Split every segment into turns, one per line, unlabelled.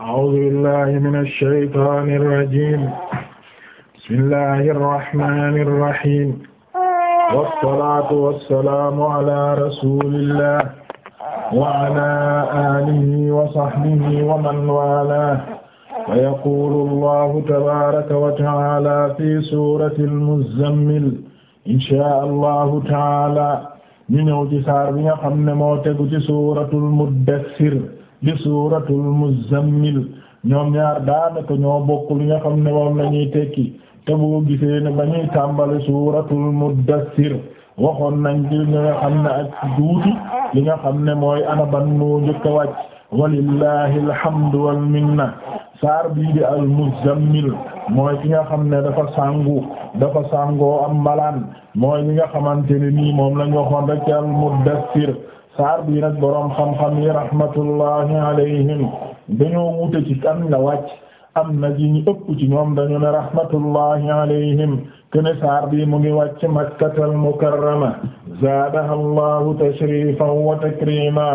أعوذ بالله من الشيطان الرجيم بسم الله الرحمن الرحيم والصلاة والسلام على رسول الله وعلى آله وصحبه ومن والاه ويقول الله تبارك وتعالى في سورة المزمل إن شاء الله تعالى ñu ñëw ci saar bi nga xam ne moo tegu ci suuratul Muddassir di suuratul muzammil ñoom ñaar daanaka ñoo bokk li nga xam ne moom lañuy tekki te boo gisee ne ba ñuy tàmbali suuratul muddassir waxoon nañ ci li nga xam ne ak duuti li nga xam ne mooy anaban moo njëkk a wàcc walillahi alhamdu wal minna saar bii di al muzammil mooy ki nga xam ne dafa sangu dafa sangoo am mbalaan mooy li nga xamante ne nii moom lañ waxoon rek ci al muddassir saar bii nag boroom xam-xam yi rahmatullahi alayhim dañoo wute ci kan la wàcc am na ji ñu ëpp ci ñoom dañu ne rahmatullahi alayhim kene saar bii mu ngi wàcc makkatal mukarrama zaadaha allahu tashrifan wa takrima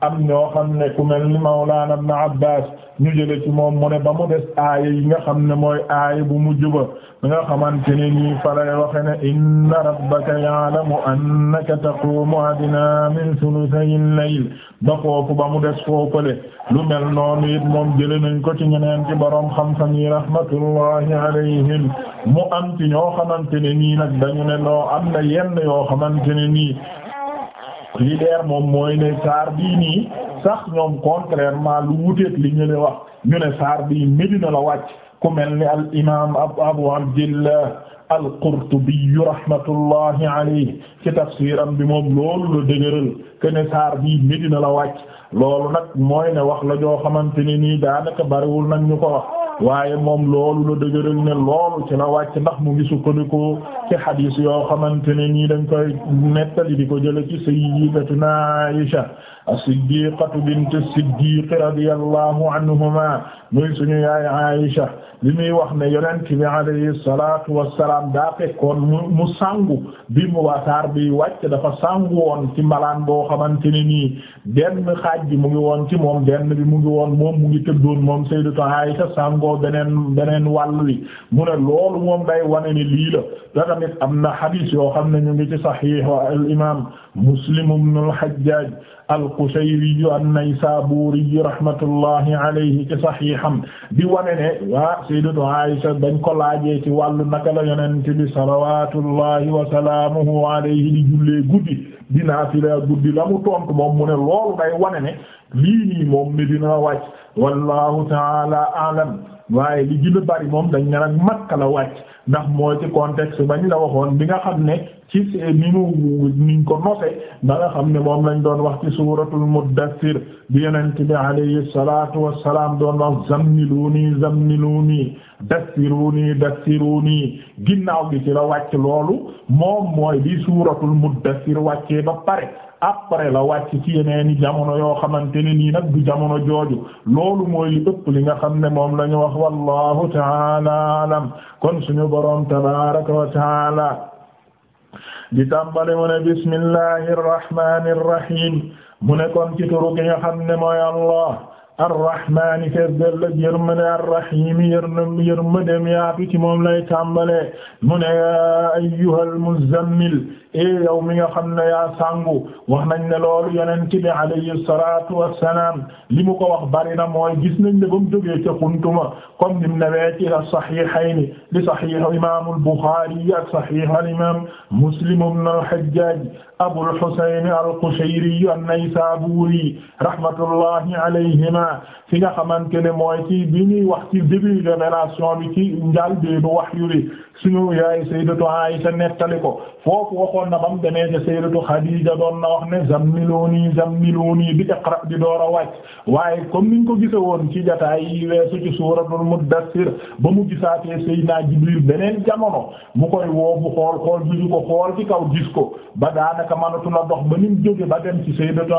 am ñoo xam ne ku mel ni Mawlana Ibn Abbas ñu jële ci moom mu ne ba mu des aaya yi nga xam ne mooy aaya bu mujj ba nga xamante ne nii falay waxe ne inna rabbaka ya'lamu annaka taqumu adna min thuluthay al ba foofu ba mu des foofale lu mel noonu it moom jële nañ ko ci ñeneen ci boroom xam-xam yi rahmatullahi alayhim mu am ci ñoo xamante nii nag dañu ne noo am na yenn yoo xamante nii li leer moom mooy ne saar bii nii sax ñoom contrairement lu wuteek li ñu ne wax ñu ne saar bii Medina la wàcc ku mel ni al imaam Abu Abdillah al-Qurtubi rahmatullahi alayhi ci tafsiram bi moom loolu la dëgëral que ne saar bii Medina la wàcc loolu nag mooy wax la joo xamante ni nii daanaka bariwul nag ñu ko wax. waaye moom loolu la dëgëral ne loolu ci la wàcc ndax mu ngi sukkandiku ci xadiis yoo xamante ne nii dañ koy nettali di ko jële ci sayyidatuna Aisha as-siddiqatu bint as-siddiq radiyallahu anhuma muy suñu yaay Aïcha li muy wax ne yonent bi alayhi salatu wassalam daa fekkoon mu sangu bi mu wasaar bi wàcc dafa sangu woon ci mbalaan boo xamante ne nii benn xaaj bi mu ngi woon ci moom benn bi mu ngi woon moom mu ngi tëddoon moom sayyidatu Aïcha sangoo beneen beneen wàll wi mu ne moom day wane ni lii la da tamit na hadith yoo xam ne ñu ngi ci sahih al imam Muslim ibn al al-Qushayri an-Naysaburi rahmatullahi alayhi ci sahiham di wane ne wa sayyidatu Aisha dañ ko laajee ci wàllu naka la yonent bi salawatullahi wa salaamuhu alayhi di jullee guddi di naafila guddi la mu tontu moom mu ne loolu day wane ne lii nii moom mi dina wàcc wallahu ta'ala a'lam waaye li gën a bari moom dañ ne nag Makka la wàcc ndax moo ci contexte bañ la waxoon bi nga xam ne ci ni mu ko nose na nga xam ne moom lañ doon wax ci suuratul muddathir bi yonent bi alayhi wa wassalaam doon wax zammiluuni zammiluuni dassiruuni ni ginnaaw gi ci la wàcc loolu moom mooy bi suuratul muddathir wàccee ba pare après la wàcc ci yeneeni jamono yoo xamante ne nii nag du jamono jooju loolu mooy li ëpp li nga xam ne moom lañu wax wax wallahu ta'ala alam kon suñu borom tabaaraka wa ta'ala di tàmbali mu ne bismillahi irrahmani irrahim mu ne kon ci turu gi nga xam ne mooy allah arrahmani fees dellëg yërmande arrahimi yërn yërmande yaatu ci moom lay tàmbale mu ne ya ayyuhal muzammil eh yow mi nga xam ne yaa sangu wax nañ ne loolu yonent bi alayhi salaatu wassalaam li mu ko wax bari na mooy gis nañ ne ba mu jógee ca xuntuma comme ni mu newee ci saxiixayni li saxiix imaamul Buxaari ak saxiix al imaam Muslim ibn al-Hajjaaj Abul Husayn al-Qushayri an-Naysaabuuri rahmatullahi alayhima fi nga xamante ne mooy ci bi ñuy wax ci début révélation bi ci njaal bi wahyu suñu yaay sayyidatu Aisha nettali ko foofu waxoon na bam demee ca sayyidatu Khadija doon na wax ne zammiluni zammiluni bi iqra di door a wàcc waaye comme niñ ko gisa woon ci jotaay yi weesu ci suuratul Muddassir ba mu gisaatee sayyidina Jibril beneen jamono mu koy woobu xool xool gisu ko xool ci kaw gis ko ba daanaka manatu la dox ba nim jóge ba dem ci sayyidatu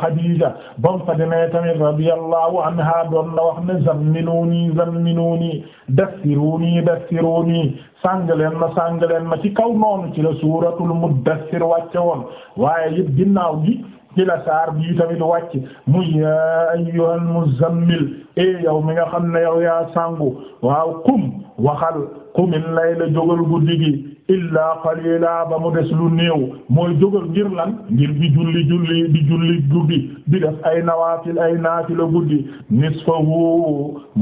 Khadija euh, bam fa demee tamit radiyallahu anha doon na wax ne zammiluni zammiluni dassiruni dassiruni sàng ma sàng leen ma ci kaw noonu ci la suuratul muddassir wàcce woon waaye it ginnaaw gi ci la saar bii tamit wàcc mu yaa ayyuhal muzzammil e yow mi nga xam ne yow yaa sangu waaw qum waxal qumil layla jógal guddi gi illaa qalila ba mu des lu néew mooy jógal ngir lan ngir di julli julli di julli guddi di def ay nawaafil ay naafila guddi nisfahu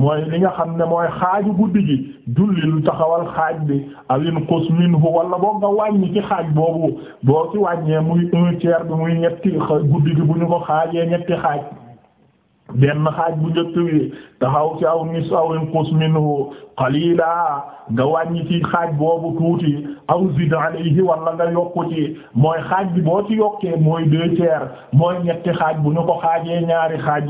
mooy li nga xam ne mooy xaaju guddi gi julli lu taxawal xaaj bi awin qus minhu wala boo nga wàññi ci xaaj boobu boo ci wàññee muy un bi muy ñetti guddi gi bu ñu ko xaajee ñetti xaaj benn xaaj bu njëkk wi taxaw ci aw nis aw inqus minhu qalila nga wàññi ci xaaj boobu tuuti aw zid alayhi wala nga yokku mooy xaaj bi boo ci yokkee mooy deux tiers mooy ñetti xaaj bu ñu ko xaajee ñaari xaaj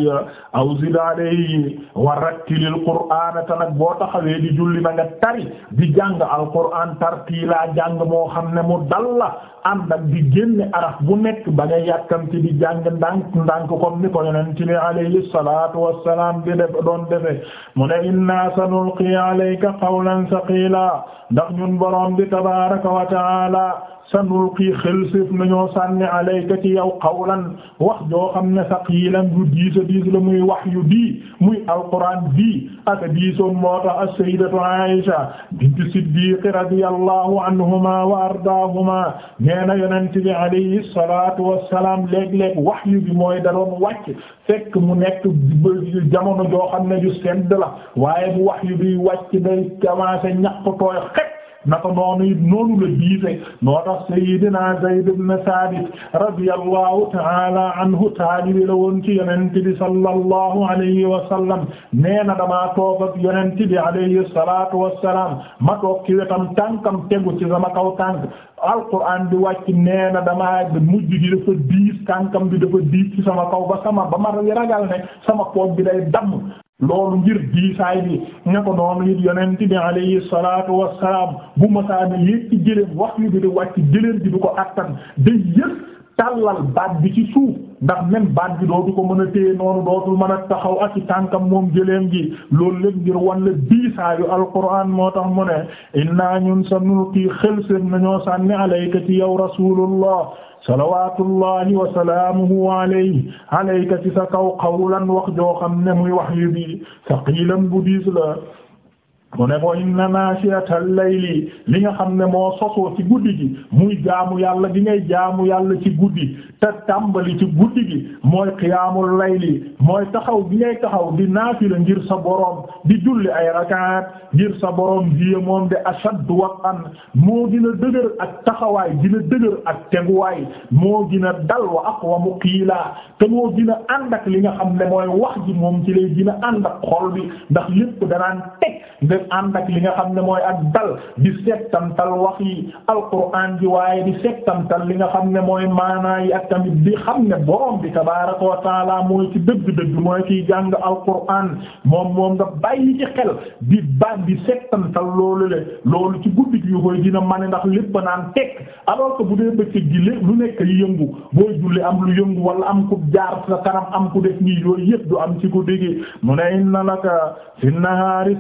aw zid alayhi wa rattilil qur'ana te nag boo taxawee di julli na nga tari di jàng alqur'an tartiila jàng moo xam ne mu dal la ànd ak génne araf bu nekk ba nga yàkkamti di jàng ndànk ndànk comme ni ko yonent bi alayhi salatu wassalam di def doon doon defee mu ne inna sanulqi alayka qawlan saqila ndax ñun borom bi tabaaraka wa ta'ala sanulqi xel séef nañoo sànni alayka ci yow qawlan wax joo xam ne saqiilan du diis a diis la muy wax yu bii muy alquran bii aka diisoon moo tax as-sayyidatu Aisha bintu Siddiq radiyallahu anhuma wa ardaahuma nee na yonent bi alayhi salaatu wassalaam léeg-léeg wax yu bi mooy da doon wàcc fekk mu nekk jamono joo xam ne ju sedd la waaye bu wax yu bi wàcc day commencé ñaq tooy xet naka noonu it noonu la diise noo tax Seydina Zayd ibn Thabit radiyallahu ta'ala anhu taalibi la woon ci bi sallallahu alayhi wa sallam nee na damaa bi alayhi salatu wa salaam ma toog ci wetam tànkam tegu ci sama kaw tànk alquran bi wàcc nee na damaa mujj gi dafa diis tànkam bi dafa diis ci sama kaw ba sama ba ma ragal ne sama koog bi day damm loolu ngir diisaay bi ña ko noonu it yonent bi alayhi salaatu wassalaam bu masaana yéeg ci jëleen wax yu bi di wàcc jëleen bi du ko attan day yëg tàllal baat bi ci suuf ndax même baat bi dootu ko mën a téye noonu dootul mën a taxaw ak ci tànkam moom jëleen gi loolu lépp ngir wan la diisaayu alquran moo tax mu ne innaa ñun sa nulqii xëlséen nañoo sànni alayka ci yow salawaatullahi wa salaamuhu alayhi alayka ci sa kaw qawlan wax joo xam ne muy wax yu bi saqiilan bu diis la mu ne ko inna naashiyatal layli li nga xam ne moo sosoo ci guddi gi muy jaamu yàlla gi ngay jaamu yàlla ci guddi ta tàmbali ci guddi gi mooy qiyaamul layli mooy taxaw gi ngay taxaw di naafila ngir sa boroom di julli ay rakaat ngir sa boroom vie moom de ashaddu waqan moo gën a dëgër ak taxawaay gën a dëgër ak teguwaay moo gina dal wa aqwamu qiila te moo gën a ànd li nga xam ne mooy wax ji moom ci lay gën a ànd xol bi ndax lépp danaan teg ngeen ànd ak li nga xam ne mooy ak dal di settantal wax yi alquran ji waaye di settantal li nga xam ne mooy maanaa yi ak tamit di xam ne borom bi tabaaraka wa taala mooy ci dëgg-dëgg mooy kiy jàng alquran moom moom nga bàyyi ci xel di ba di settantal loolu le loolu ci guddi gi yu koy dina mën ndax lépp naan tekk alors ko bu dee bëccëg gi lu nekk yi yëngu booy julli am lu yëngu wala am ku jaar sa kanam am ku def nii yooyu yëpp du am ci guddi gi mu ne inna laka fi nahaari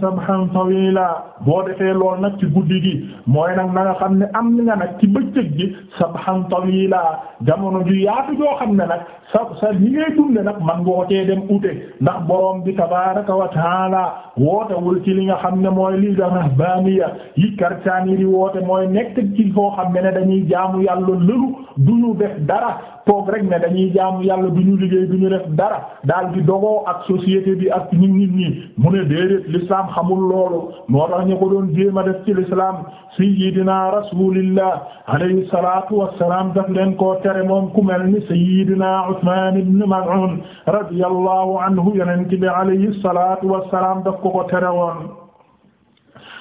tawila boo defee lool nag ci guddi gi mooy nag na nga xam ne am nga nag ci bëccëg gi sabhan tawila jamono ju yaatu joo xam ne nag sa sa ñi ngay dunde nag man ngoo tee dem ute ndax boroom bi tabaraka wa taala wootewul ci li nga xam ne mooy lii da rahbaniya yi karcaani di woote mooy nekk ci foo xam ne ne dañuy jaamu yàlla lëlu duñu def dara toog rek ne dañuy jaamu yàlla du ñu liggéey du ñu def dara daal di dogoo ak société bi ak nit nit ñi mu ne déedéet l'islam xamul loolu moo tax ñu ko doon jéem a def ci l'islam sayyidina rasulillah alayhi salatu wassalam daf leen koo tere moom ku mel ni sayyidina Usman ibn Maz'un radiyallahu anhu yonent bi alayhi salatu salaam daf ko ko tere woon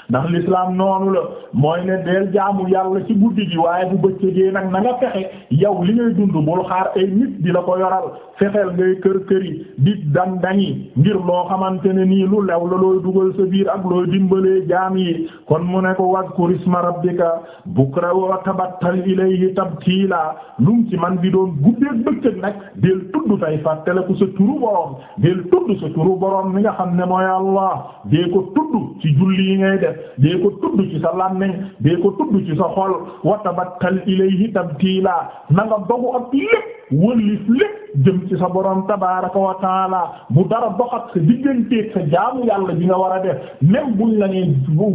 ndax lislaam noonu la mooy ne deel jaamu yàlla ci guddi gi waaye bu bëccëgee nag nanga nga fexe yow li ngay dund bul xaar ay nit di la ko yoral fexeel ngay kër kër yi di dan dañi ngir loo xamante ne nii lu lew la looy dugal sa biir ak looy dimbalee jaam yi kon mu ne ko wadkur isma rabbika bukra wa tabattal ilayhi tabtiila lu mu ci man bi doon guddeeg bëccëg nag del tudd tay fàttaleku sa turu borom del tudd sa turu borom mi nga xam ne mooy Allah dee def dee ko tudd ci sa làmmiñ dee ko tudd ci sa xol wa tabattal ilayhi tabtiila na nga dogu ak lépp wëlif lépp jëm ci sa borom tabaaraka wa taala bu dara doxat sa digganteeg sa jaamu yàlla bi nga war a def même buñ la nee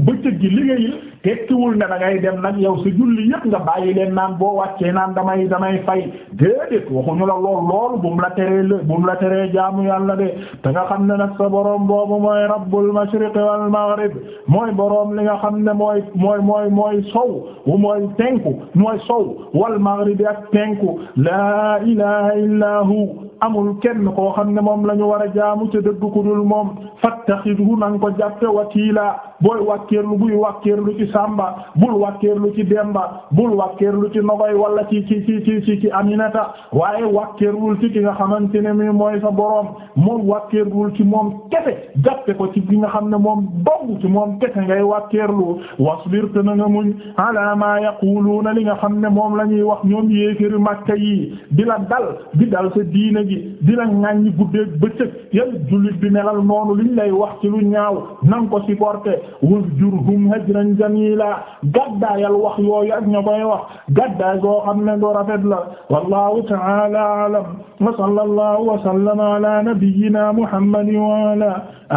bëccëg gi liggéeyil tekkiwul ne na dangay dem nag yaw sa julli yëpp nga bàyyi leen naan boo wàccee naan damay damay fay déedéet waxuñu la lool loolu bu mu la teree lé bu mu la teree jaamu yàlla de te nga xam ne nag sa borom boobu mooy rabbul mashriq wal maghrib mooy borom li nga xam ne mooy mooy mooy mooy sow mooy tenku mooy tenku la ilaha illa hu amul kenn ko xam ne moom la ñu war a jaamu ca dëgg ku dul moom fattaxidhu nanga ko jàppe wakiila booy wàkkeerlu buy wàkkeerlu ci Samba bul wàkkeerlu ci Demba bul wàkkeerlu ci Nogoy wala ci ci ci ci ci Aminata waaye wàkkeerwul ci ki nga xamante ne mi mooy sa boroom moom wàkkeerwul ci moom kese jàppe ko ci ki nga xam ne moom dong ci moom kese ngay wàkkeerlu wasbir te na nga muñ ala ma yaquluuna li nga xam ne moom la ñuy wax ñoom yéefiri Makka yi di la dal di dal gi di la ŋàññi guddeeg bëccëg yow jullit bi melal noonu liñ lay wax ci lu ñaaw nang ko supporté wahjurhum hajran jamila gàddaayal wax yooyu ak ña koy wax gàddaay goo xam ne do rafet la wallahu ta'ala a'lam wa sallallahu wa sallama ala nabiyyina muhammadin wa ala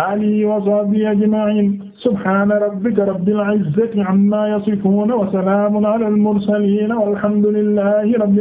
alihi wa sahbihi ajma'in subhana rabbika rabbil izzati amma yasifun wa salamun ala al mursalin walhamdulillahi rabbil